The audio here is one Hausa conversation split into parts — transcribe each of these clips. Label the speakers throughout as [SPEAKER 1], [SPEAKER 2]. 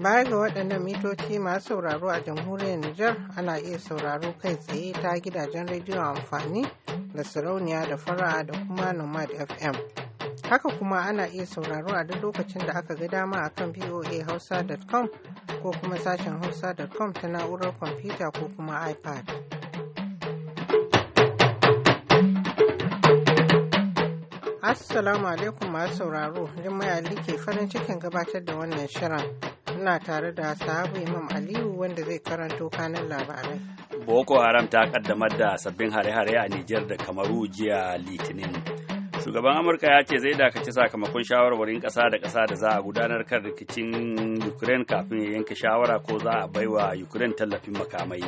[SPEAKER 1] Baya ga waɗannan mitoci masu sauraro a jamhuriyar Nijar ana iya sauraro kai tsaye ta gidajen rediyo amfani da sarauniya da fara'a da kuma Nomad FM. Haka kuma ana iya sauraro a duk lokacin da aka ga dama a kan voahausa.com ko kuma sashen hausa.com ta na'urar kwamfuta ko kuma iPad. Assalamu alaikum masu sauraro, Jummai Ali ke farin cikin gabatar da wannan shirin. ina tare da sahabu Imam Aliyu wanda zai karanto kanan labarai.
[SPEAKER 2] Boko Haram ta kaddamar da sabbin hare-hare a Nijar da Kamaru jiya Litinin. Shugaban Amurka ya ce zai dakaci sakamakon shawarwarin ƙasa da ƙasa da za a gudanar kan rikicin Ukraine kafin ya yanke shawara ko za a baiwa Ukraine tallafin makamai.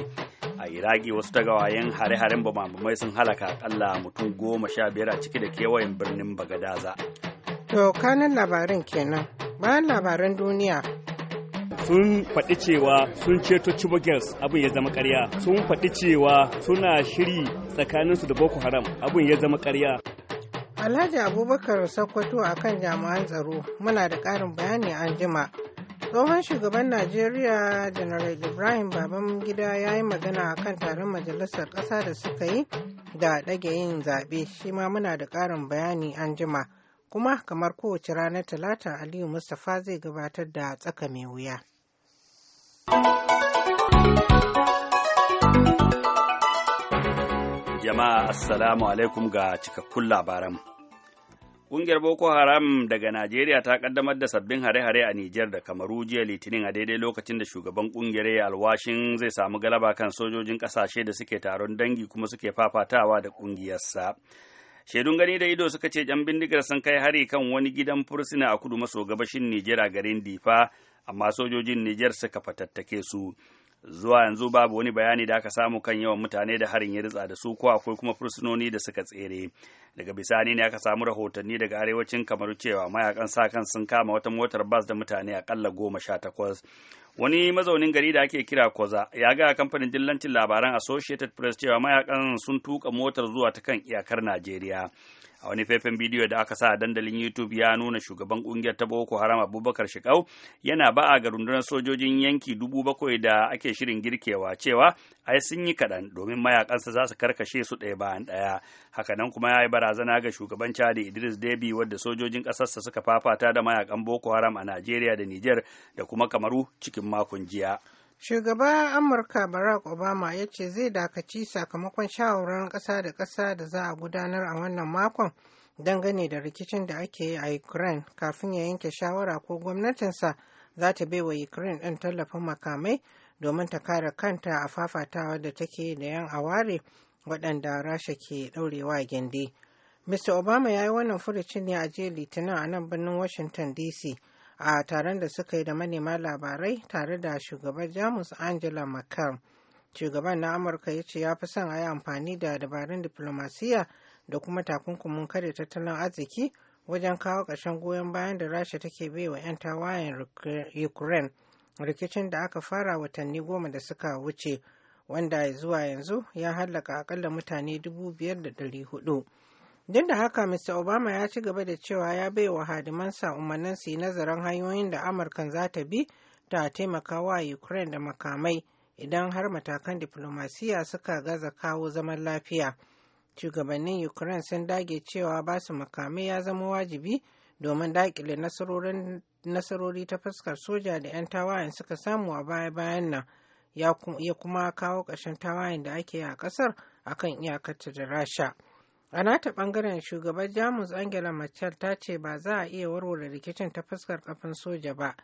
[SPEAKER 2] a iraki wasu tagawayen hare-haren bamamai sun halaka akalla mutum goma sha biyar a ciki da kewayen birnin bagadaza
[SPEAKER 1] to kanin labarin kenan bayan labaran duniya
[SPEAKER 2] sun faɗi cewa sun ceto Chuba abin ya zama ƙarya. Sun faɗi cewa suna shiri tsakaninsu da Boko Haram abin ya zama ƙarya.
[SPEAKER 1] Alhaji Abubakar Sokoto a kan jami'an tsaro muna da ƙarin bayani an jima. Tsohon shugaban Najeriya General Ibrahim baban gida ya yi magana a kan taron majalisar ƙasa da suka yi da ɗage yin zaɓe shi ma muna da ƙarin bayani an jima. Kuma kamar kowace ranar Talata Aliyu Mustapha zai gabatar da tsaka mai wuya.
[SPEAKER 2] Jama'a Assalamu alaikum ga cikakkun labaran. Ƙungiyar Boko Haram daga Najeriya ta ƙaddamar da sabbin hare-hare a Nijar da Kamaru jiya Litinin a daidai lokacin da shugaban ƙungiyar ya alwashin zai samu galaba kan sojojin ƙasashe da suke taron dangi kuma suke fafatawa da ƙungiyarsa. Shaidun gani da ido suka ce ƴan bindigar sun kai hari kan wani gidan fursuna a kudu maso gabashin Nijar a garin Difa amma sojojin Nijar suka fatattake su. Zuwa yanzu babu wani bayani da aka samu kan yawan mutane da harin ya ritsa da su ko akwai kuma fursunoni da suka tsere. Daga bisani ne aka samu rahotanni daga arewacin kamar cewa mayakan sa kan sun kama wata motar bas da mutane a akalla goma sha takwas. Wani mazaunin gari da ake kira Koza ya ga kamfanin dillancin labaran Associated Press cewa mayakan sun tuka motar zuwa ta kan iyakar Najeriya. a wani faifan bidiyo da aka sa a dandalin youtube ya nuna shugaban kungiyar ta boko haram abubakar shiƙau yana ba'a ga rundunar sojojin yanki dubu bakwai da ake shirin girkewa cewa ai sun yi kaɗan domin mayakansa za su karkashe su ɗaya bayan ɗaya hakanan kuma ya yi barazana ga shugaban chadi idris debi wadda sojojin ƙasarsa suka fafata da mayakan boko haram a najeriya da niger da kuma kamaru cikin makon jiya.
[SPEAKER 1] Shugaba Amurka Barack Obama ya ce zai dakaci sakamakon shawarar kasa da kasa da za a gudanar a wannan makon dangane da rikicin da ake yi a Ukraine kafin ya yanke shawara ko gwamnatinsa za ta bai wa Ukraine ɗin tallafin makamai domin ta kare kanta a fafatawa da take da 'yan aware waɗanda Rasha ke ɗaurewa gindi. Mr. Obama ya yi wannan furucin ne a jiya Litinin a nan birnin Washington DC. a taron da suka yi da manema labarai tare da shugaban jamus angela merkel shugaban na amurka ya ce ya fi son a yi amfani da dabarun diplomasiya da kuma takunkumin kare tattalin arziki wajen kawo ƙarshen goyon bayan da rasha take bai wa 'yan tawayen ukraine rikicin da aka fara watanni goma da suka wuce wanda zuwa yanzu ya hallaka akalla mutane 5,400 Duk da haka Mr. Obama ya ci gaba da cewa ya bai wa hadimansa umarnin su yi nazarin hanyoyin da Amurkan za ta bi ta taimaka wa Ukraine da makamai idan har matakan diplomasiya suka gaza kawo zaman lafiya. Shugabannin Ukraine sun dage cewa ba su makamai ya zama wajibi domin daƙile nasarori ta fuskar soja da 'yan tawayen suka samu a baya-bayan nan ya kuma kawo ƙarshen tawayen da ake yi a ƙasar akan iyakarta da Rasha. a nata bangaren shugaban jamus angela merkel ta ce ba za a iya warware rikicin ta fuskar kafin soja ba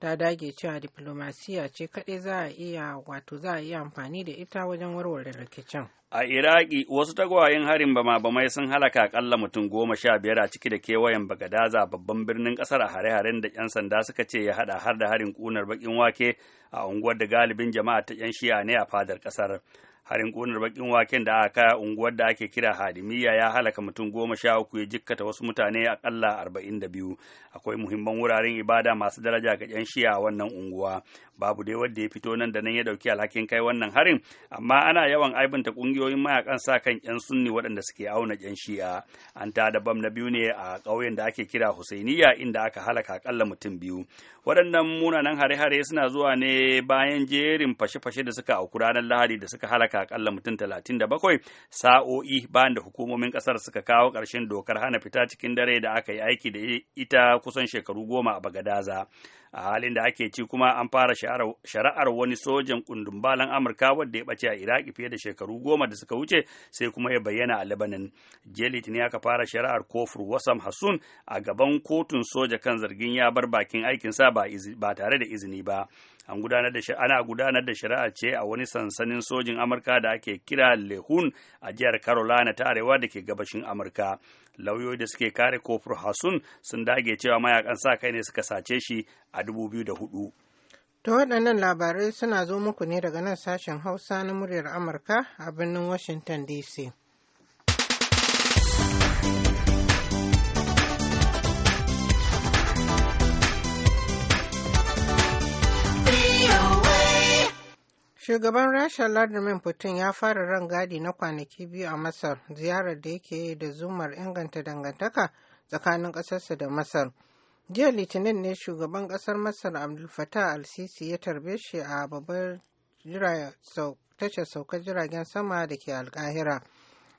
[SPEAKER 1] ta dage cewa diplomasiya ce kaɗai za a iya wato za a iya amfani da ita wajen warware rikicin
[SPEAKER 2] a iraki wasu tagwayen harin bama bamai sun halaka akalla mutum goma sha biyar a ciki da kewayen bagadaza babban birnin kasar a hare-haren da 'yan sanda suka ce ya hada har da harin kunar bakin wake a unguwar da galibin jama'a ta 'yan shi'a ne a fadar kasar harin ƙunar bakin waken da aka kaya unguwar da ake kira hadimiya ya halaka mutum goma sha uku ya jikkata wasu mutane akalla arba'in da biyu akwai muhimman wuraren ibada masu daraja ga yan shiya a wannan unguwa babu dai wanda ya fito nan da nan ya dauki alhakin kai wannan harin amma ana yawan aibinta ƙungiyoyin mayakan sa kan yan sunni waɗanda suke auna yan shiya an tada bam na biyu ne a ƙauyen da ake kira husainiya inda aka halaka akalla mutum biyu waɗannan munanan hare-hare suna zuwa ne bayan jerin fashe-fashe da suka auku ranar lahadi da suka halaka akalla mutum talatin da bakwai sa'o'i bayan da hukumomin ƙasar suka kawo ƙarshen dokar hana fita cikin dare da aka yi aiki da ita kusan shekaru goma a bagadaza a halin da ake ci kuma an fara shari'ar wani sojan kundumbalan amurka wadda ya bace a iraki fiye da shekaru goma da suka wuce sai kuma ya bayyana a lebanon jiya ne aka fara shari'ar kofur wasam hassun a gaban kotun soja kan zargin ya bar bakin aikin sa ba tare da izini ba an gudanar da ana gudanar da shari'a ce a wani sansanin sojin amurka da ake kira lehun a jihar carolina ta arewa da ke gabashin amurka lauyoyi da suke kare kofur hasun sun dage cewa mayakan sa kai ne suka sace shi a 2004
[SPEAKER 1] To waɗannan labarai suna zo muku ne daga nan sashen Hausa na muryar Amurka a birnin Washington DC. Shugaban Rasha Vladimir Putin ya fara ran gadi na kwanaki biyu a Masar, ziyarar da yake da zumar inganta dangantaka tsakanin ƙasarsa da Masar. Jiya Litinin ne shugaban ƙasar Masar Abdul Fattah al-Sisi ya tarbe shi a babbar tashar saukar jiragen sama da ke alkahira.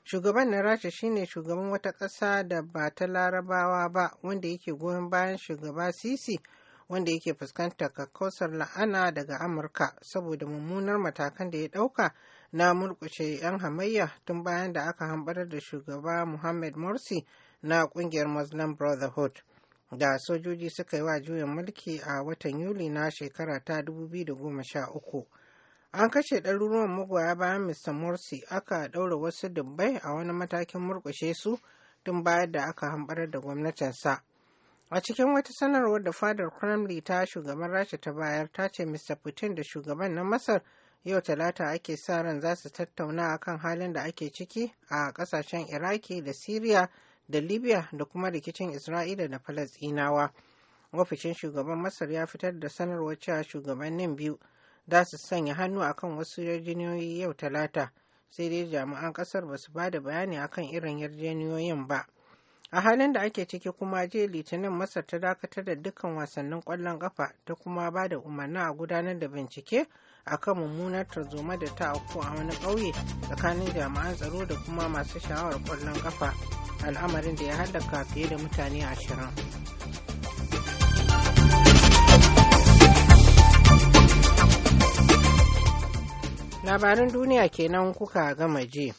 [SPEAKER 1] Shugaban na Rasha shine shugaban wata ƙasa da ba ta larabawa ba wanda yake goyon bayan shugaba Sisi wanda yake fuskantar kakkausar la'ana daga amurka saboda mummunar matakan da ya ɗauka na murkushe 'yan hamayya tun bayan da aka hambarar da shugaba muhammad morsi na ƙungiyar muslim brotherhood da sojoji suka yi wa juyin mulki a watan yuli na shekara ta 2013 an kashe ɗaruruwan magoya bayan mr morsi aka ɗaura wasu dubbai a wani matakin murkushe su tun bayan da aka hambarar da gwamnatinsa A cikin wata sanarwar da fadar Kremlin ta shugaban Rasha ta bayar ta ce Mr. Putin da shugaban na Masar yau talata ake sa ran za su tattauna akan halin da ake ciki a kasashen Iraki da Siriya da Libya da kuma rikicin Isra'ila da Falasɗinawa. Ofishin shugaban Masar ya fitar da sanarwar cewa shugabannin biyu za su sanya hannu akan wasu yarjejeniyoyi yau talata sai dai jami'an kasar ba su ba da bayani akan irin yarjejeniyoyin ba. a halin da ake ciki kuma je litinin masar ta dakatar da dukkan wasannin kwallon kafa ta kuma ba da umarni a gudanar da bincike a kan mummunar tarzoma da ta auku a wani ƙauye tsakanin jami'an tsaro da kuma masu sha'awar kwallon kafa al'amarin da ya haddaka fiye da mutane ashirin labarin duniya kenan kuka gama je.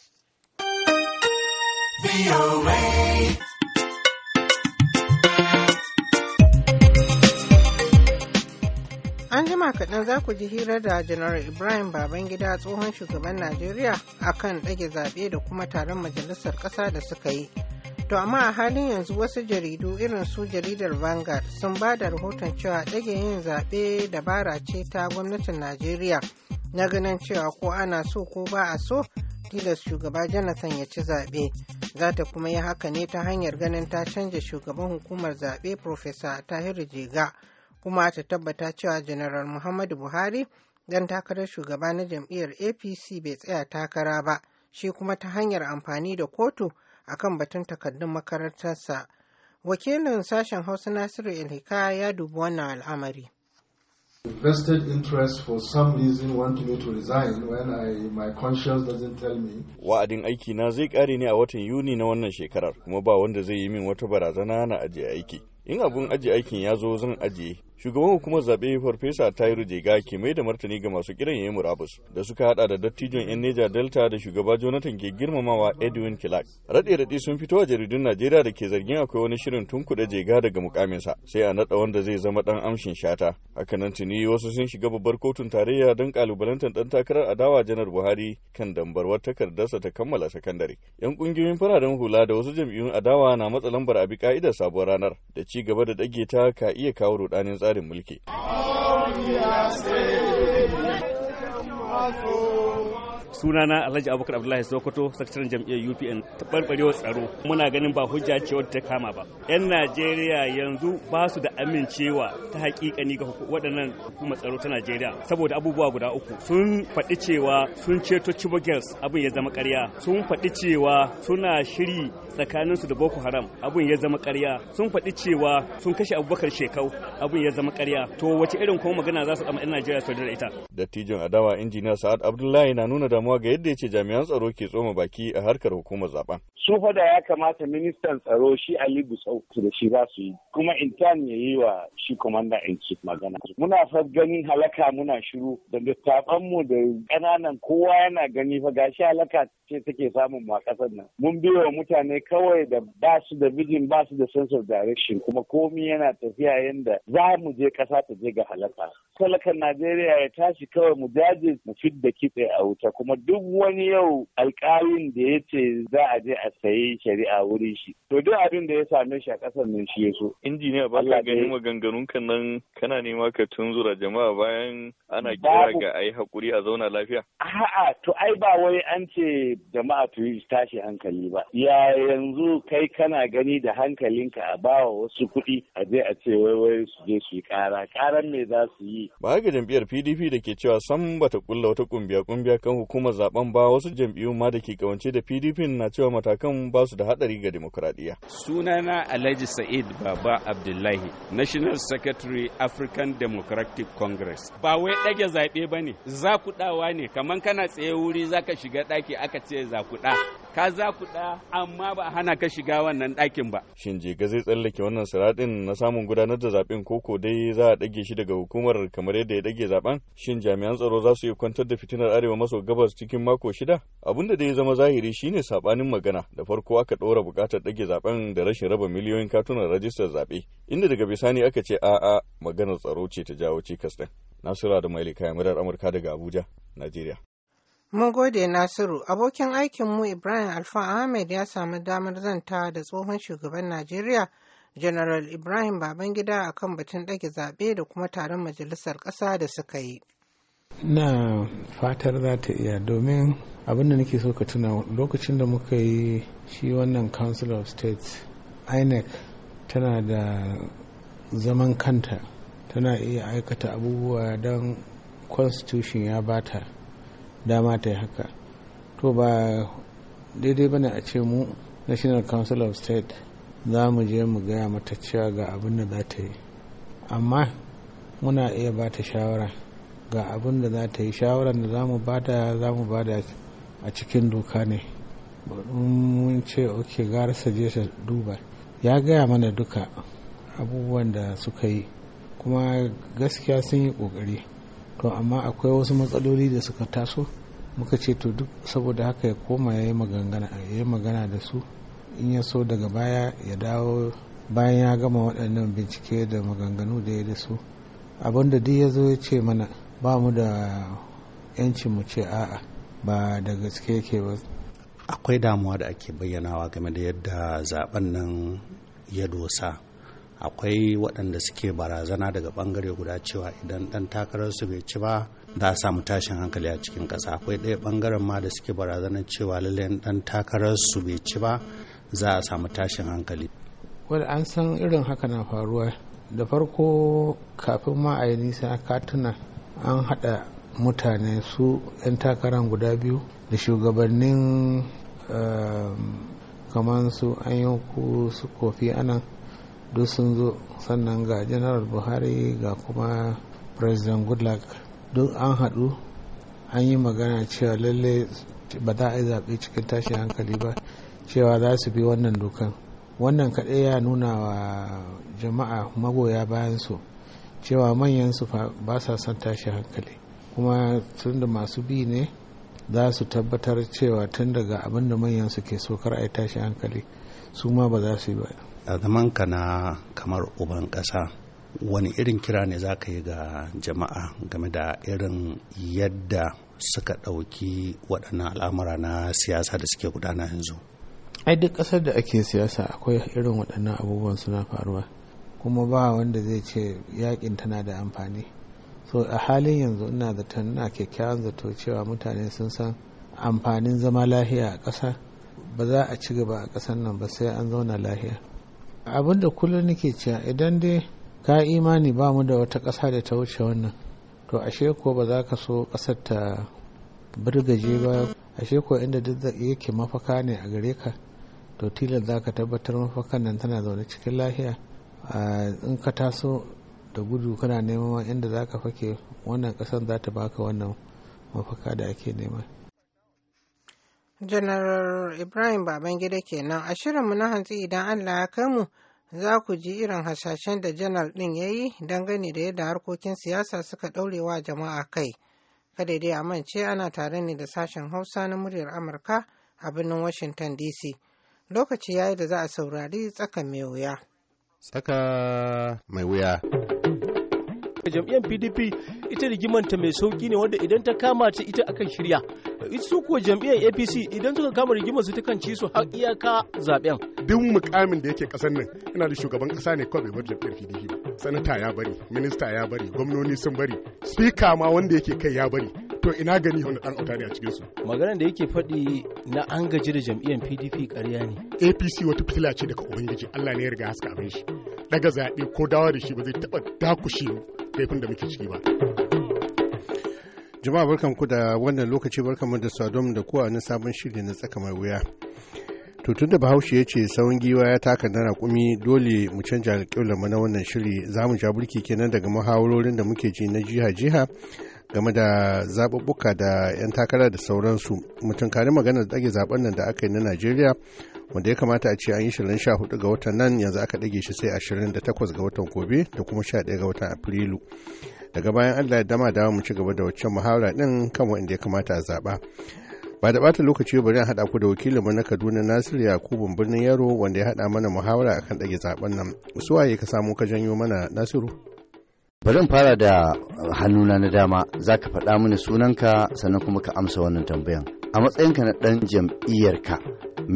[SPEAKER 1] an jima kaɗan za ku ji hira da janar ibrahim babangida tsohon shugaban najeriya akan ɗage zaɓe da kuma taron majalisar ƙasa da suka yi to amma a halin yanzu wasu jaridu irin su jaridar vanguard sun ba da rahoton cewa ɗage yin zaɓe dabara ce ta gwamnatin najeriya na ganin cewa ko ana so ko ba a so tilas shugaba jonathan ya ci zaɓe za ta kuma yi haka ne ta hanyar ganin ta canja shugaban hukumar zaɓe profesa tahiru jega kuma ta tabbata cewa janaral muhammadu buhari dan takarar shugaba na jam'iyyar apc bai tsaya takara ba shi kuma ta hanyar amfani da kotu a kan batun takardun makarantarsa wakilin sashen hausa nasiru ilhika ya dubi wannan al'amari
[SPEAKER 3] vested interest for some reason want me
[SPEAKER 4] to resign when my conscience doesn't tell me.
[SPEAKER 5] Wa'adin aiki na zai kare ne a watan Yuni na wannan shekarar kuma ba wanda zai yi min wata barazana na ajiye aiki. in abun ajiye aikin ya zo zan ajiye shugaban hukumar zaɓe farfesa tayiru jega ke mai da martani ga masu kiran yayin murabus da suka hada da dattijon yan neja delta da shugaba jonathan ke girmamawa edwin kilak raɗe raɗe sun fito a jaridun najeriya da ke zargin akwai wani shirin tunkuɗe jega daga mukaminsa sai a naɗa wanda zai zama ɗan amshin shata nan tuni wasu sun shiga babbar kotun tarayya don kalubalantar ɗan takarar adawa janar buhari kan dambarwar takardarsa ta kammala sakandare yan ƙungiyoyin fararen hula da wasu jam'iyyun adawa na matsa lambar abi ka'idar sabuwar ranar da ci gaba da ɗage ta ka iya kawo rudanin tsarin mulki. sunana alhaji abubakar abdullahi sokoto sakataren jam'iyyar upn taɓarɓarewar
[SPEAKER 2] tsaro muna ganin ba hujja ce wadda ta kama ba yan najeriya yanzu ba su da amincewa ta hakikani ga waɗannan hukumar tsaro ta najeriya saboda abubuwa guda uku sun faɗi cewa sun ceto chibo girls abin ya zama ƙarya sun faɗi cewa suna shiri tsakaninsu da boko haram abin ya zama ƙarya sun faɗi cewa sun kashe abubakar shekau abin ya zama ƙarya to wace irin kuma magana za su ɗama yan najeriya su da ita
[SPEAKER 5] dattijon adawa injiniya sa'ad abdullahi na nuna da damuwa ga yadda ya jami'an tsaro ke tsoma baki a harkar hukumar zaben.
[SPEAKER 6] Su fada da ya kamata ministan tsaro shi Ali Busau da shi za su yi kuma intan ya yi wa shi commander in chief magana. Muna fa ganin halaka muna shiru da littafan mu da ƙananan kowa yana gani fa gashi halaka ce take samun mu a ƙasar nan. Mun biyo wa mutane kawai da ba su da vision ba su da sense of direction kuma komi yana tafiya yanda za mu je ƙasa ta je ga halaka. Talakan Najeriya ya tashi kawai mu jaje mu fidda kitse a wuta kuma kuma duk wani yau alkalin da ya ce za a je a
[SPEAKER 5] sayi shari'a wurin shi to duk abin
[SPEAKER 6] da ya same shi a ƙasar nan shi ya so
[SPEAKER 5] injiniya ba ka ganin maganganun kan nan kana nema ka tunzura jama'a bayan ana kira ga ayi hakuri a zauna lafiya
[SPEAKER 6] a'a to ai ba wai an ce jama'a tu yi tashi hankali ba ya yanzu kai kana gani da hankalinka a bawa wasu kuɗi a je a ce wai wai
[SPEAKER 5] su je su yi ƙara ƙaran me za su yi ba ga jam'iyyar PDP da ke cewa sam bata kulla wata kungiya kungiya kan hukumar hukumar zaben ba wasu jam'iyyu ma da ke kawance da PDP na cewa matakan ba su da hadari ga demokradiya.
[SPEAKER 2] Sunana Alhaji Sa'id Baba Abdullahi, National Secretary African Democratic Congress. Ba wai dage zaɓe ba ne, zakuɗawa ne, kamar kana tsaye wuri zaka shiga ɗaki aka ce zakuɗa. Ka zakuɗa amma ba
[SPEAKER 5] hana ka shiga wannan ɗakin ba. Shin jega zai tsallake wannan siraɗin na samun gudanar da zaɓen koko dai za a ɗage shi daga hukumar kamar yadda ya dage zaɓen? Shin jami'an tsaro za su iya kwantar da fitinar arewa maso gabas takwas cikin mako shida abun da ya zama zahiri shine sabanin magana da farko aka ɗora buƙatar ɗage zaben da rashin raba miliyoyin katunan rajistar zaɓe inda daga bisani aka ce a'a maganar tsaro ce ta jawo cikas ɗin nasiru da maili kayan murar amurka daga abuja najeriya
[SPEAKER 1] mun gode nasiru abokin aikin mu ibrahim alfa ahmed ya samu damar zanta da tsohon shugaban najeriya General Ibrahim Babangida a kan batun ɗage zaɓe da kuma taron majalisar ƙasa da suka yi.
[SPEAKER 4] na fatar za ta iya domin abin da nake so ka tuna lokacin da muka yi shi wannan council of states inec tana da zaman kanta tana iya aikata abubuwa don constitution ya bata dama ta yi haka to ba daidai bane a ce mu national council of state za mu je mu gaya mata cewa ga abin da za ta yi amma muna iya ba ta shawara ga abin da za ta yi shawarar da za mu bada za mu bada a cikin doka ne mun ce ok gara su je su duba ya gaya mana duka abubuwan da suka yi kuma gaskiya sun yi kokari to amma akwai wasu matsaloli da suka taso muka ce to duk saboda haka ya koma ya yi magana da su in ya so daga baya ya dawo bayan ya gama waɗannan bincike da maganganu da ya da su abinda duk ya zo ya ce mana ba mu da 'yancin mu ce a'a ba da gaske yake ba akwai damuwa da ake bayyanawa
[SPEAKER 2] game da yadda zaben nan ya dosa akwai waɗanda suke barazana daga ɓangare guda cewa idan ɗan takararsu bai ci ba za a samu tashin hankali a cikin ƙasa akwai ɗaya ɓangaren ma da suke barazana cewa lallai ɗan takararsu bai ci ba za a samu tashin hankali
[SPEAKER 4] wadda an san irin haka na faruwa da farko kafin ma a yi nisa katuna an haɗa mutane su 'yan takaran guda biyu da shugabannin um, kamar su an yi su kofi anan duk sun zo sannan ga general buhari ga kuma president goodluck duk an haɗu an yi magana cewa lalle ba za a yi zaɓe cikin tashi hankali ba cewa za su bi wannan dokan wannan kaɗai ya nuna wa jama'a magoya bayan su cewa manyan su ba sa son tashi hankali kuma tun da masu bi ne za su tabbatar cewa tun daga abin da manyan su ke so kar a tashi hankali su ma ba za su yi ba
[SPEAKER 2] a zaman ka na kamar uban ƙasa wani irin kira ne za ka yi ga jama'a game da irin yadda suka ɗauki waɗannan al'amura na siyasa da suke gudana yanzu
[SPEAKER 4] ai duk ƙasar da ake siyasa akwai irin waɗannan abubuwan suna faruwa kuma ba wanda zai ce yakin tana da amfani so a halin yanzu ina zaton na kyakkyawan zato cewa mutane sun san amfanin zama lahiya a ƙasa ba za a ci gaba a ƙasar nan ba sai an zauna lahiya abin da kullum nake cewa idan dai ka imani ba mu da wata ƙasa da ta wuce wannan to ashe ko ba za ka so ƙasar ta birgaje ba ashe ko inda duk yake mafaka ne a gare ka to tilan za ka tabbatar mafakan nan tana zaune cikin lahiya in ka taso da gudu kana neman inda za ka fake wannan ƙasar za ta baka wannan mafaka da ake nema.
[SPEAKER 1] General ibrahim babangida kenan a shirinmu na hantsi idan allah ya kai mu za ku ji irin hasashen da janar ɗin ya yi gani da yadda harkokin siyasa suka wa jama'a kai kada dai amince ana tare ne da sashen hausa na muryar amurka a birnin washington dc lokaci ya yi da za a saurari tsakan mai wuya.
[SPEAKER 7] tsaka mai wuya.
[SPEAKER 3] jam'iyyar pdp ita rigimanta mai sauki ne wanda idan ta kama ta ita
[SPEAKER 8] akan shirya su kuwa jam'iyyar apc idan suka kama rigimar su ta kan ci su har iyaka zaben duk mukamin da yake kasar nan yana da shugaban kasa ne kawai bar jam'iyyar pdp sanata ya bari minista ya bari gwamnoni sun bari spika ma wanda yake kai ya bari to ina gani wani dan ne a cikin su maganar da yake faɗi na an gaji da jam'iyyar pdp ƙarya ne apc wata fitila ce daga ubangiji allah ne ya riga haska abin shi daga zaɓe ko dawa da shi ba zai taɓa
[SPEAKER 7] dakushe laifin da muke ciki ba. Jama'a ku da wannan lokaci mu da sadom da kuwa na sabon shiri na tsaka mai wuya. To da Bahaushe ya ce tsawon giwa ya taka na raƙumi dole mu canja alƙiblar mu na wannan shiri za mu ja burki kenan daga muhawarorin da muke ji na jiha-jiha game da zaɓuɓɓuka da 'yan takara da sauransu. Mutum kare magana da ɗage zaɓen nan da aka yi na Najeriya wanda ya kamata a ce an yi shirin 14 ga watan nan yanzu aka dage shi sai 28 ga watan gobe da kuma 11 ga watan afrilu daga bayan allah ya dama dawo mu ci gaba da waccan muhawara din kan wanda ya kamata a zaɓa ba da bata lokaci bari an haɗa ku da wakilin mu na kaduna nasiru yakubu birnin yaro wanda ya haɗa mana muhawara akan ɗage zaɓen nan su waye ka samu ka janyo mana nasiru
[SPEAKER 9] Bari in fara da hannuna na dama za ka faɗa mini sunanka sannan kuma ka amsa wannan tambayan. A matsayinka na ɗan jam'iyyarka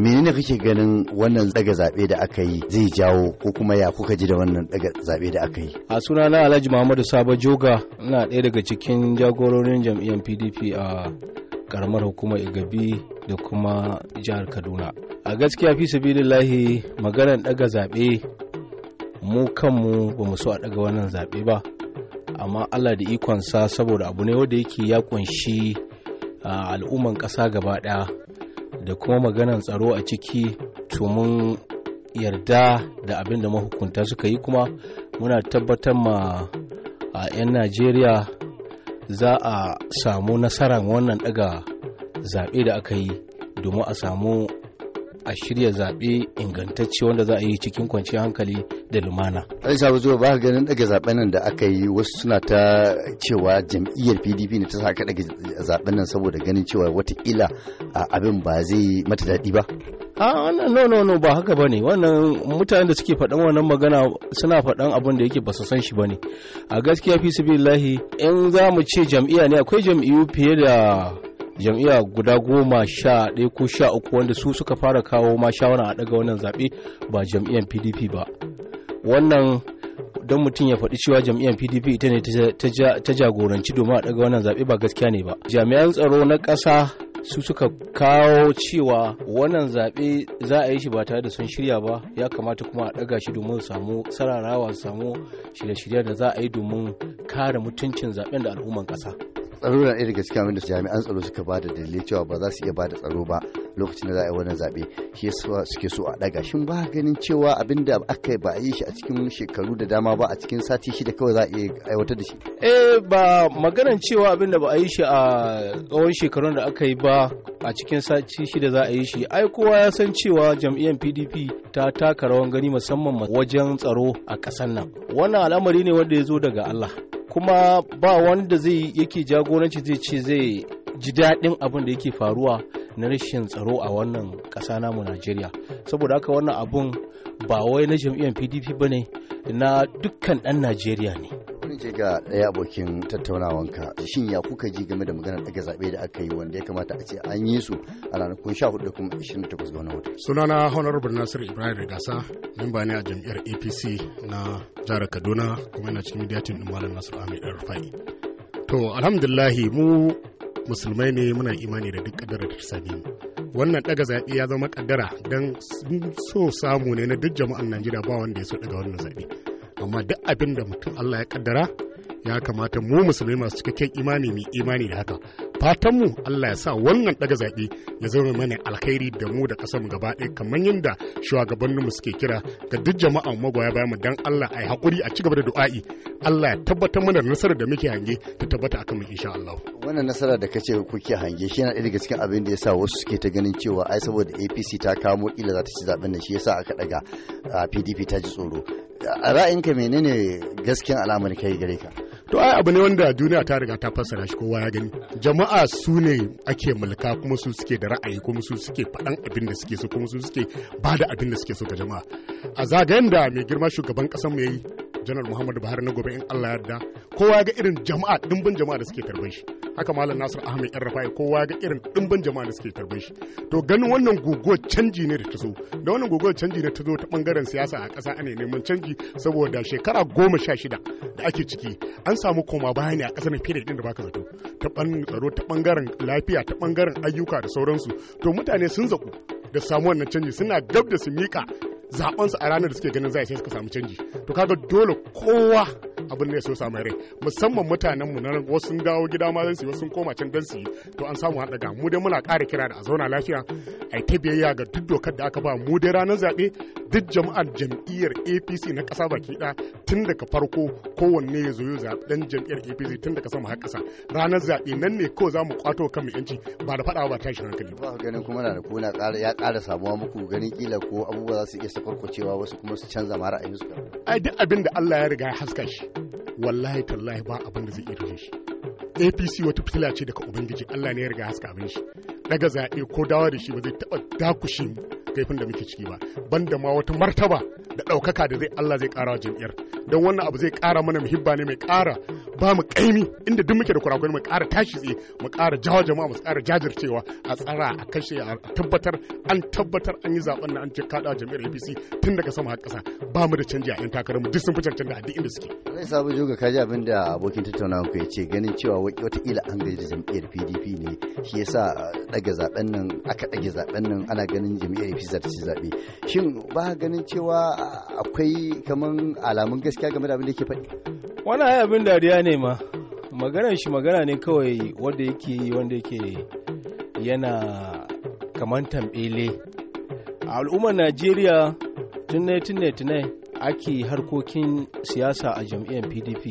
[SPEAKER 9] menene kake ganin wannan daga zaɓe da aka yi zai jawo ko kuma ya kuka ji da wannan daga zaɓe da aka yi a
[SPEAKER 3] suna na alhaji muhammadu sabo joga ina ɗaya daga cikin jagororin jam'iyyar pdp a karamar hukumar igabi da kuma jihar kaduna a gaskiya fi sabilillahi maganar daga zaɓe mu kanmu ba mu so a daga wannan zaɓe ba amma allah da ikonsa saboda abu ne wanda yake ya kunshi al'umman ƙasa gaba ɗaya da kuma maganan tsaro a ciki to mun yarda da abin da mahukunta suka yi kuma muna tabbatar ma a 'yan najeriya za a samu nasarar wannan daga zaɓe da aka yi domin a samu a shirya zaɓe ingantacce wanda za a yi cikin kwanciyar hankali da lumana.
[SPEAKER 9] Aisha zuwa ba ka ganin ɗage zaɓen nan da aka yi wasu suna ta cewa jam'iyyar PDP ne ta sa aka ɗage zaɓen nan saboda ganin cewa watakila abin ba zai mata daɗi ba. a wannan no no
[SPEAKER 3] no ba haka bane wannan mutanen da suke faɗan wannan magana suna faɗan abin da yake ba su san shi bane a gaskiya fi Lahi in za mu ce jam'iyya ne akwai jam'iyyu fiye da jam'iyya guda goma sha ɗaya ko sha uku wanda su suka fara kawo ma shawara a ɗaga wannan zaɓe ba jam'iyyar pdp ba wannan don mutum ya faɗi cewa jam'iyyar pdp ita ne ta jagoranci domin a ɗaga wannan zaɓe ba gaskiya ne ba jami'an tsaro na ƙasa su suka kawo cewa wannan zaɓe za a yi shi ba tare da sun shirya ba ya kamata kuma a ɗaga shi domin samu sararawa samu shirye-shirye da za a yi domin kare mutuncin zaɓen da al'umman ƙasa
[SPEAKER 9] tsaro na ɗaya daga cikin abin da jami'an tsaro suka ba da dalilai cewa ba za su iya ba da tsaro ba lokacin da za a yi wani zaɓe shi yasa suke so a ɗaga shin ba ganin cewa abin da aka ba yi shi a cikin shekaru da dama ba a cikin sati da kawai za a iya aiwatar da shi. eh ba maganan cewa abin da ba a yi shi a
[SPEAKER 3] tsawon shekarun da aka yi ba a cikin sati da za a yi shi ai kowa ya san cewa jam'iyyar pdp ta taka rawan gani musamman wajen tsaro a ƙasar nan wannan al'amari ne wanda ya zo daga allah kuma ba wanda zai yake jagoranci zai ce zai ji daɗin abin da yake faruwa na rashin tsaro a wannan ƙasa namu najeriya saboda haka wannan abun ba wai na jam'iyyar pdp ba ne na dukkan ɗan najeriya
[SPEAKER 9] ne ce ga ɗaya abokin tattaunawanka shin ya kuka ji game da maganar ɗaga zaɓe da aka yi wanda ya kamata a ce an yi su a ranakun 14 da kuma 28 ga wani wata.
[SPEAKER 8] sunana honorable nasir ibrahim rigasa memba ne a jam'iyyar apc na jihar kaduna kuma yana cikin midiyatin ɗin malam nasir ahmed rufai to alhamdulahi mu musulmai ne muna imani da duk kaddara da sami wannan daga zaɓe ya zama kaddara don so samu ne na duk jama'an najeriya ba wanda ya so daga wannan zaɓe amma duk abin da mutum allah ya kaddara ya kamata mu musulmai masu cikakken imani mu imani da haka fatanmu Allah ya sa wannan daga zaɓe ya zama mana alkhairi da mu da kasan gaba ɗaya kamar yadda shugabanninmu suke kira ga duk jama'a magoya mu dan Allah ai hakuri a cigaba da du'a'i Allah ya tabbatar mana nasarar da muke hange ta tabbata akan mu insha Allah
[SPEAKER 9] wannan nasara da kace kuke hange shi yana daga cikin abin da yasa wasu suke ta ganin cewa ai saboda APC ta kamo kila za ta ci zaben nan shi yasa aka daga PDP ta ji tsoro a ra'ayinka menene gaskiyan alamar kai gare ka
[SPEAKER 8] to ai abu ne wanda duniya ta riga ta fassara shi kowa ya gani jama'a su ne ake mulka kuma su suke da ra'ayi kuma su suke faɗan abin da suke so kuma su suke ba da abin da suke so ga jama'a a zagayen da mai girma shugaban ƙasar mu yayi janar muhammadu buhari na gobe in allah ya yarda kowa ya ga irin jama'a dimbin jama'a da suke tarban shi haka malam nasir ahmed yan rafai kowa ga irin dimbin jama'a da suke tarbe shi to ganin wannan guguwar canji ne da ta zo da wannan guguwar canji ne ta zo ta bangaren siyasa a ƙasa ana neman canji saboda shekara goma sha shida da ake ciki an samu koma baya ne a ƙasar fiye da da baka zato ta tsaro ta bangaren lafiya ta bangaren ayyuka da sauransu to mutane sun zaku da samu wannan canji suna gab da su mika zaɓensu a ranar da suke ganin za a sai suka samu canji to kaga dole kowa abin ne ya so samu rai musamman mutanen mu na wasu dawo gida ma zan su wasu koma can dan su to an samu haɗa ga mu dai muna ƙara kira da a zauna lafiya a yi ta biyayya ga duk dokar da aka ba mu dai ranar zaɓe duk jama'ar jam'iyyar apc na ƙasa baki ɗaya tun daga farko kowanne ya zo ya zaɓi ɗan jam'iyyar apc tun daga sama har ƙasa ranar zaɓe nan ne kawai za mu kwato kan mu yanci ba da faɗawa ba shi hankali ba ganin kuma na da
[SPEAKER 9] ko na ya ƙara samuwa muku ganin kila ko abubuwa za su iya sakarkwacewa wasu kuma su canza ma ra'ayinsu
[SPEAKER 8] ai duk abin da Allah ya riga ya haska shi wallahi tallahi ba abin da zai iya rage shi apc wata fitila ce daga ubangiji Allah ne ya riga haska abin shi daga zaɓe ko dawa da shi ba zai taɓa dakushe mu kaifin da muke ciki ba banda ma wata martaba da ɗaukaka da zai Allah zai ƙara wa jam'iyyar don wannan abu zai ƙara mana muhibba ne mai ƙara ba mu kaimi inda duk muke da kurakuri mu ƙara tashi tsaye mu ƙara jawo jama'a mu ƙara jajircewa a tsara a kashe a tabbatar an tabbatar an yi zaben na an ce kada jami'ar APC tun daga sama har ƙasa ba mu da canji a 'yan takarar mu duk sun fice canji a duk inda suke.
[SPEAKER 9] Zai sabu joga kaji ji abin da abokin tattaunawa ku ya ce ganin cewa watakila an gaji da jam'iyyar PDP ne shi yasa daga zaben nan aka dage zaben nan ana ganin jam'iyyar APC za ta ci zabe. Shin ba ganin cewa akwai kaman alamun gaskiya game da abin da yake faɗi?
[SPEAKER 3] wani ai abin dariya ne ma maganar shi magana ne kawai wanda yake wanda yake yana kamar tambele a al'ummar najeriya tun ne ake harkokin siyasa a jam'iyyar pdp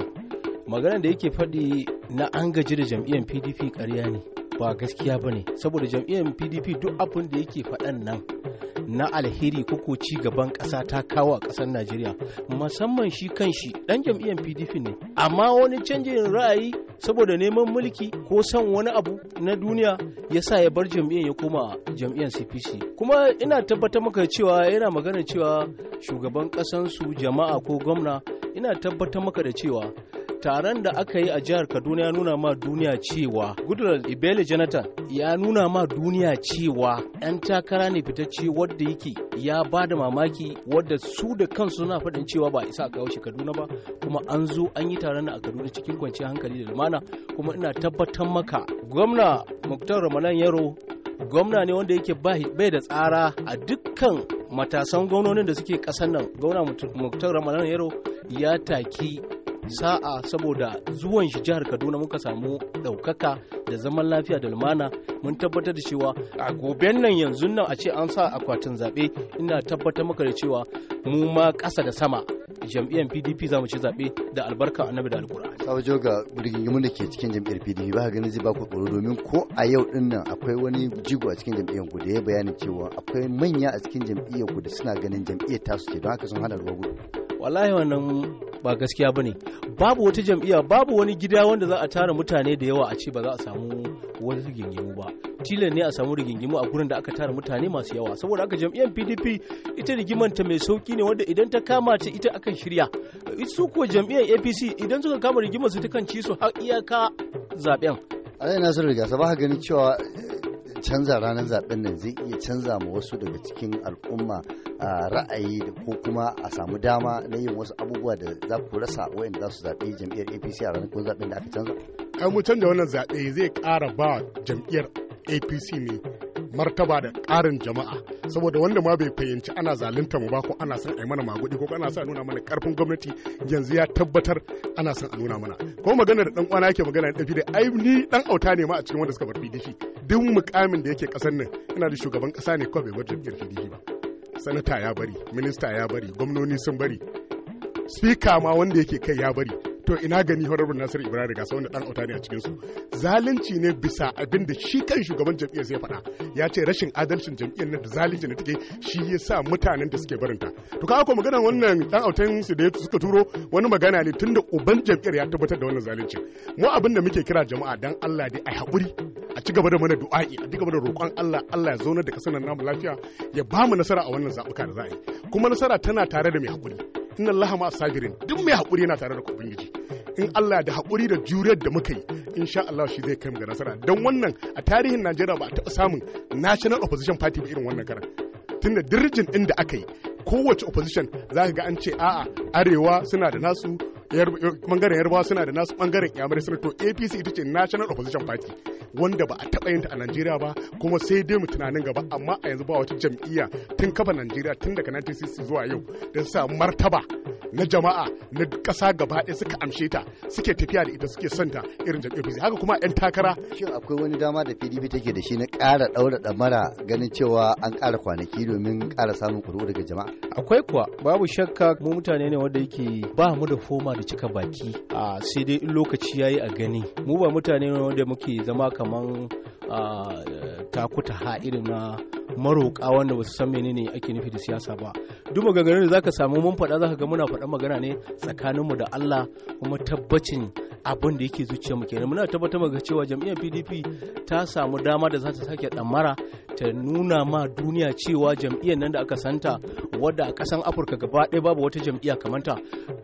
[SPEAKER 3] maganar da yake faɗi na an gaji da jam'iyyar pdp ƙarya ne ba gaskiya ba ne saboda jam'iyyar pdp duk abin da yake faɗan nan na alheri koko ci gaban ƙasa ta kawo a ƙasar najeriya musamman shi kan shi ɗan jam'iyyar pdp ne amma wani canjin ra'ayi saboda neman mulki ko son wani abu na duniya ya sa ya bar jam'iyyar ya koma jam'iyyar cpc kuma ina tabbatar maka cewa yana magana cewa shugaban ƙasansu jama'a ko gwamna ina tabbatar maka da cewa taron da aka yi a jihar kaduna ya nuna ma duniya cewa goodluck ibele jonathan ya nuna ma duniya cewa 'yan takara ne fitacce wadda yake ya ba da mamaki wadda su da kansu suna faɗin cewa ba isa a kawo shi kaduna ba kuma an zo an yi taron a kaduna cikin kwanciyar hankali da lumana kuma ina tabbatar maka gwamna muktar ramalan yaro gwamna ne wanda yake bai da tsara a dukkan matasan gwamnonin da suke ƙasar nan gwamna muktar ramalan yaro ya taki sa'a saboda zuwan shi jihar kaduna muka samu ɗaukaka da zaman lafiya da lumana mun tabbatar da cewa a goben nan yanzu nan a ce an sa akwatin zaɓe ina tabbatar maka da cewa mu ma ƙasa da sama jam'iyyar pdp za mu ci zaɓe da albarka annabi da alƙur'ani.
[SPEAKER 9] sabo joga rigingimin da ke cikin jam'iyyar pdp ba ka ganin zai ba ku tsoro domin ko a yau din nan akwai wani jigo a cikin jam'iyyar ku da ya bayanin cewa akwai manya a cikin jam'iyyar ku da suna ganin jam'iyyar tasu ce don haka sun hana ruwa gudu.
[SPEAKER 3] wallahi wannan ba gaskiya ba ne babu wata jam'iyya babu wani gida wanda za a tara mutane da yawa a ce ba za a samu wani rigingimu ba tilan ne a samu rigingimu a gurin da aka tara mutane masu yawa saboda aka jam'iyyar pdp ita rigimanta mai sauki ne wanda idan ta kama ta ita akan shirya su kuwa jam'iyyar apc idan suka kama rigimar su ta kan ci su har iyaka zaben
[SPEAKER 9] alai nasiru riga ba gani cewa eh, canza ranar zaben nan zai iya canza ma wasu daga cikin al'umma ra'ayi ko kuma a samu dama na yin wasu abubuwa da za ku rasa wayan za su zaɓi jam'iyyar apc a ranakun zaɓen da aka canza
[SPEAKER 8] kan mutum da wannan zaɓe zai ƙara ba jam'iyyar apc ne martaba da ƙarin jama'a saboda wanda ma bai fahimci ana zalunta mu ba ko ana son a yi mana magudi ko ana son a nuna mana karfin gwamnati yanzu ya tabbatar ana son a nuna mana ko magana da dan kwana yake magana da dafi da ai ni dan auta ne ma a cikin wanda suka bar PDP duk mukamin da yake kasar nan ina da shugaban kasa ne ko bai bar jam'iyyar PDP ba sanata ya bari minista ya bari gwamnoni sun bari spika ma wanda yake kai ya bari to ina gani horarwar nasiru ibrahim gasa wanda dan auta ne a cikin su zalunci ne bisa abin da shi kan shugaban jam'iyyar zai faɗa ya ce rashin adalcin jam'iyyar nan da zalunci ne take shi ya sa mutanen da suke barinta to ka ko magana wannan dan autan su da suka turo wani magana ne tunda uban jam'iyyar ya tabbatar da wannan zalunci mu abin da muke kira jama'a dan Allah dai ai hakuri a ci gaba da mana du'a'i a ci gaba da roƙon Allah Allah ya zauna da kasanan namu lafiya ya ba mu nasara a wannan zabuka da za'a yi kuma nasara tana tare da mai hakuri inna allaha ma sabirin duk mai haƙuri yana tare da ubangiji in Allah da haƙuri da juriyar da muka yi in sha Allah shi zai kai mu ga nasara don wannan a tarihin Najeriya ba a taɓa samun national opposition party ba irin wannan karan tunda dirjin ɗin da aka yi kowace opposition za ga an ce a'a arewa suna da nasu bangaren yarbawa suna da nasu bangaren ya suna to apc ita ce national opposition party wanda ba a taɓa yin ta a najeriya ba kuma sai dai mu tunanin gaba amma a yanzu ba wata jam'iyya tun kafa najeriya tun daga 1960 zuwa yau da sa martaba na jama'a na ƙasa gaba ɗaya suka amshe ta suke tafiya da ita suke son ta irin jam'iyyar apc haka kuma 'yan takara
[SPEAKER 9] shin akwai wani dama da pdp take da shi na ƙara ɗaura mara ganin cewa an kara kwanaki domin ƙara samun kudu daga jama'a
[SPEAKER 3] akwai kuwa babu shakka mu mutane ne wanda yake ba mu da foma da cika baki a sai dai in lokaci yi a gani mu ba mutane ne wanda muke zama kaman takuta ha irin na maroƙa wanda ba su san menene ake nufi da siyasa ba duk maganganun da zaka samu mun faɗa zaka ga muna faɗa magana ne tsakaninmu da Allah kuma tabbacin abin da yake zuciyarmu kenan muna tabbatar ga cewa jam'iyyar PDP ta samu dama da za ta sake ɗamara ta nuna ma duniya cewa jam'iyyar nan da aka santa wadda a ƙasan Afirka gaba ɗaya babu wata jam'iyya kamanta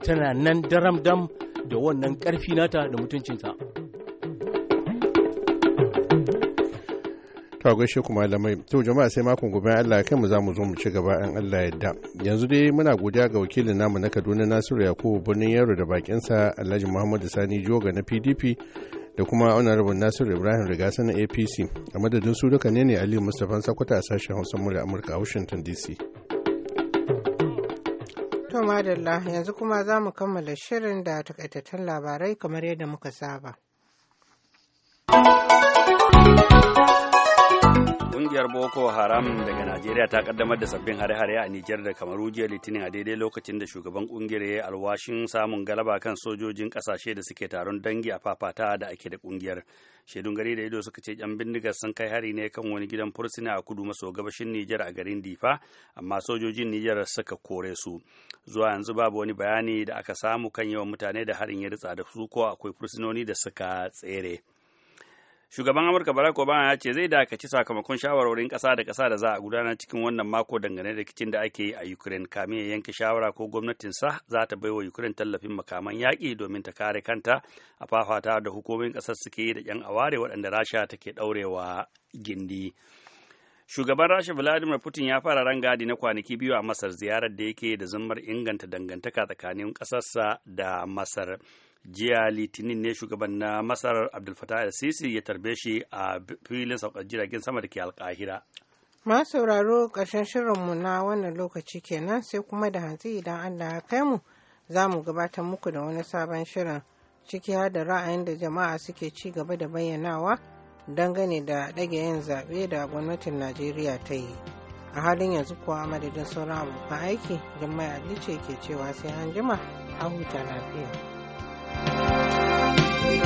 [SPEAKER 3] tana nan daram dam da wannan ƙarfi nata da mutuncinta.
[SPEAKER 7] ta gaishe ku malamai to jama'a sai makon gobe Allah kai mu za mu zo mu ci gaba an Allah yadda yanzu dai muna godiya ga wakilin namu na Kaduna Nasiru Yakubu birnin Yaro da bakin sa Alhaji Muhammadu Sani Joga na PDP da kuma honorable Nasiru Ibrahim Rigasa na APC a madadin su duka ne ne ali Mustapha Sakwata a sashen Hausa murya Amurka a Washington DC
[SPEAKER 1] To madalla yanzu kuma za mu kammala shirin da takaitattun labarai kamar yadda muka saba.
[SPEAKER 2] Kungiyar Boko Haram daga Najeriya ta kaddamar da sabbin hare-hare a Nijar da Kamaru jiya Litinin a daidai lokacin da shugaban kungiyar ya yi alwashin samun galaba kan sojojin kasashe da suke taron dangi a fafata da ake da kungiyar. Shaidun gari da ido suka ce yan bindigar sun kai hari ne kan wani gidan fursuna a kudu maso gabashin Nijar a garin Difa, amma sojojin Nijar suka kore su. Zuwa yanzu babu wani bayani da aka samu kan yawan mutane da harin ya ritsa da su ko akwai fursunoni da suka tsere. shugaban amurka barack obama ya ce zai dakaci sakamakon shawarwarin kasa da kasa da za a gudana cikin wannan mako dangane da rikicin da ake yi a ukraine kamin ya yanke shawara ko gwamnatin sa za ta baiwa ukraine tallafin makaman yaƙi domin ta kare kanta a fafata da hukumomin ƙasar suke yi da yan aware waɗanda rasha take ɗaurewa gindi shugaban rasha vladimir putin ya fara rangadi na kwanaki biyu a masar ziyarar da yake da zammar inganta dangantaka tsakanin ƙasarsa da masar jiya litinin ne shugaban na masar abdul al-sisi ya tarbe shi a filin saukar jiragen sama da ke alkahira
[SPEAKER 1] ma sauraro ƙarshen shirinmu na wannan lokaci kenan sai kuma da hantsi idan allah ya kai mu za mu gabatar muku da wani sabon shirin ciki har da ra'ayin da jama'a suke ci gaba da bayyanawa dangane da ɗage yin zaɓe da gwamnatin najeriya ta yi a halin yanzu kuwa madadin sauran abokan aiki don mai ce ke cewa sai an jima a huta lafiya.